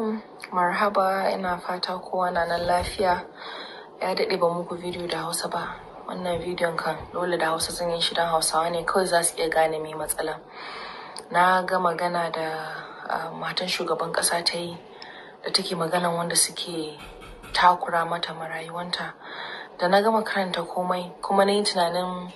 alaikum mm. marhaba ina fata kowa na nan lafiya ya daɗe ba muku bidiyo da hausa ba wannan bidiyon kan dole da hausa zan yi shi don hausawa ne kawai za su iya gane mai matsala na ga magana da matan shugaban ƙasa ta yi da take magana wanda suke takura mata marayuwanta da na gama karanta komai kuma na yi tunanin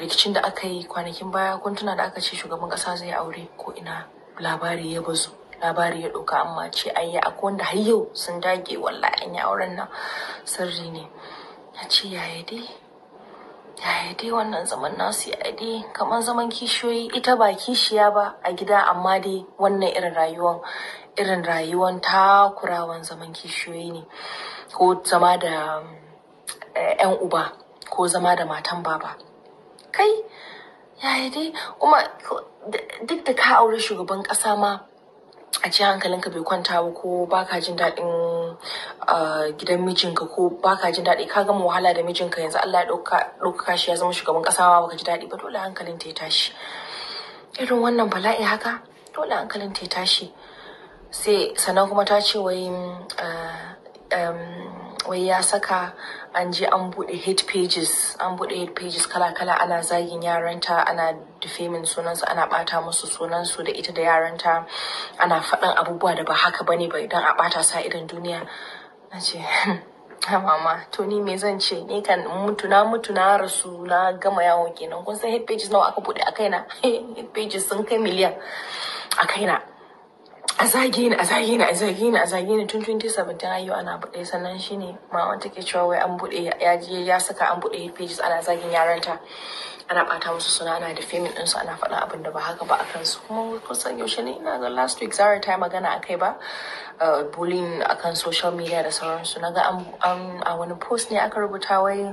rikicin da aka yi kwanakin baya kuntuna da aka ce shugaban ƙasa zai aure ko ina labari ya bazu labari ya ɗauka amma ce ayya akwai wanda har yau sun dage wallahi an yi auren nan sirri ne ya ce yaya dai yaya dai wannan zaman nasu ya dai kamar zaman kishiyoyi ita ba kishiya ba a gida amma dai wannan irin rayuwan irin rayuwan takurawan zaman kishiyoyi ne ko zama da yan eh, uba ko zama da matan baba kai yaya dai kuma duk da ka aure shugaban ƙasa ma a ce hankalinka bai kwanta ba ko baka jin daɗin gidan mijinka ko baka jin daɗi ka gama wahala da mijinka yanzu Allah ya ɗauka shi ya zama shugaban ƙasa ba baka ji daɗi ba dole hankalin ta ya tashi irin wannan bala'i haka dole hankalin ta ya tashi sai sannan kuma ta ce wai mm, wai ya saka an je an bude hit pages an bude hit pages kala-kala ana zagin yaranta ana defaming sunansu ana bata musu sunansu da ita da yaranta ana faɗin abubuwa da ba haka bane ba idan a bata sa idan duniya na ce hmm, mama to ni me zan ce ni kan mutu na mutu na rasu na gama yawo kenan kun san hit pages nawa aka bude a kaina hit pages sun kai miliyan a kaina a zage ni a zage ni a zage ni a zage ni tun 2017 ayyo ana buɗe sannan shine mama take cewa wai an buɗe ya je ya saka an buɗe pages ana zagin yaran ta. ana bata musu suna ana da femin ɗinsu ana faɗa abin da ba haka ba a kansu kuma kusan yaushe ne ina ga last week zara ta yi magana a kai ba uh, bullying akan social media da sauransu na ga a wani post ne aka rubuta wai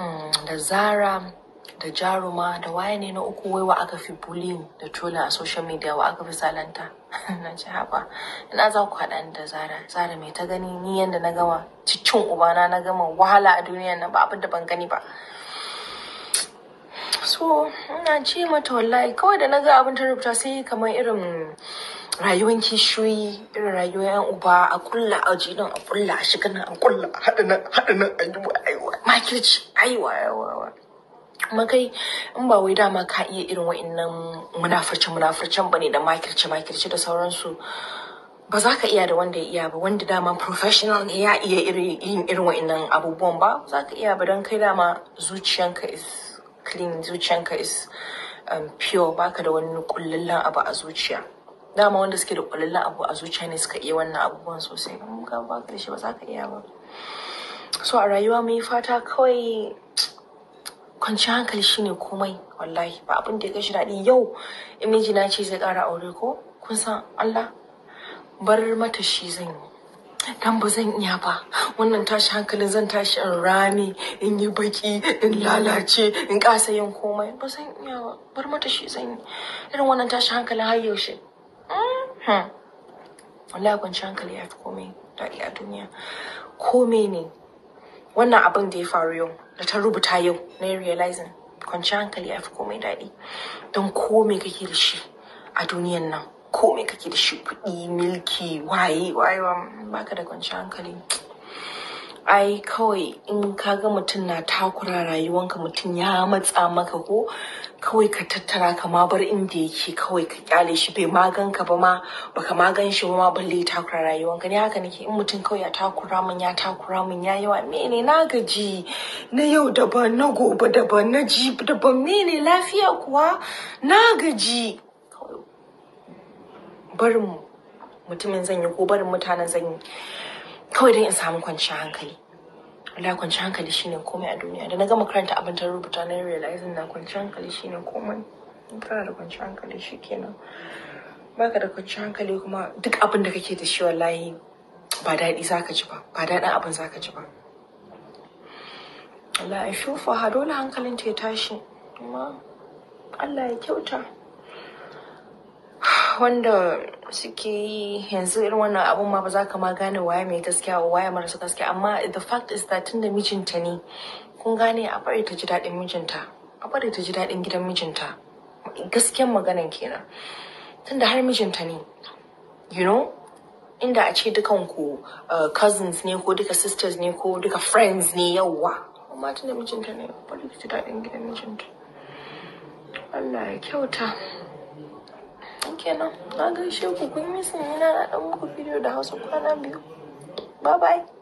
mm, da zara da jaruma da waye ne na uku wai wa aka fi bullying da tona a social media wa aka fi salanta na ci haba ina za ku haɗa da zara zara mai ta gani ni yanda na gama cikin ubana na gama wahala a duniya na ba abin da ban gani ba so ina ce mata wallahi kawai da na ga abin ta rubuta sai kamar irin rayuwar kishiyoyi irin rayuwar yan uba a kulla a jinin a kulla a shiga nan a kulla haɗa nan haɗa nan a yi wa aiwa aiwa aiwa amma kai in ba wai dama ka iya irin wa'annan munafurce munafurcen bane da makirce makirce da sauransu ba za ka iya da wanda ya iya ba wanda dama professional ne ya iya yin irin wa'annan abubuwan ba za ka iya ba don kai dama zuciyanka is clean zuciyanka is um, pure baka da wani kullallen abu a zuciya dama wanda suke da kullallen abu a zuciya ne suka iya wannan abubuwan sosai ba ka ba ka da shi ba za ka iya ba so a rayuwa mu yi fata kawai kwanciyar hankali shine komai wallahi ba abin da ya kashi daɗi yau in na ce zai ƙara aure ko kun san Allah bar mata shi zan yi dan ba zan iya ba wannan tashi hankalin zan tashi in rame in yi baki in lalace in kasa yin komai ba zan iya ba bar mata shi zan yi irin wannan tashi hankalin har yaushe mm-hmm. wallahi kwanci hankali ya fi komai daɗi a duniya komai ne wannan abin da ya faru yau da ta rubuta yau na realizing kwanci hankali ya fi komai daɗi don komai kake da shi a duniyan nan komai kake da shi kuɗi milki waye waye ba ka da kwanci hankali ai kawai in ka ga mutum na takura rayuwanka mutum ya matsa maka ko kawai ka tattara ka ma bar inda yake kawai ka kyale shi bai magan ka ba ma baka magan shi ba ma balle takura rayuwanka ne haka nake in mutum kawai ya takura mun ya takura mun ya yawa mene na gaji na yau daban na gobe daban na jibi daban mene lafiya kuwa na gaji barin mutumin zan yi ko barin mutanen zan yi kawai don in samu kwanciyar hankali Allah kwanciyar hankali shine komai a duniya da na gama karanta abin ta rubuta na realizing na kwanciyar hankali shine komai in kana da kwanciyar hankali shikenan baka da kwanciyar hankali kuma duk abin da kake da shi wallahi ba daɗi zaka ji ba ba daɗin abin zaka ji ba Allah ya shufa dole hankalin ta ya tashi amma Allah ya kyauta wanda suke yi yanzu irin wannan abun ma ba za ka ma gane waye mai gaskiya waye marasa gaskiya amma the fact is that tunda mijinta ne kun gane a bari ta ji daɗin mijinta a bari ta ji daɗin gidan mijinta gaskiyan maganan kenan tunda har mijinta ne you know inda a ce dukan ku uh, cousins ne ko duka sisters ne ko duka friends ne yawwa amma tunda mijinta ne bari ta ji daɗin gidan mijinta Allah ya kyauta kenan na gaishe ku kun yi sinina na dan muku bidiyo da hausa kwana biyu bye bye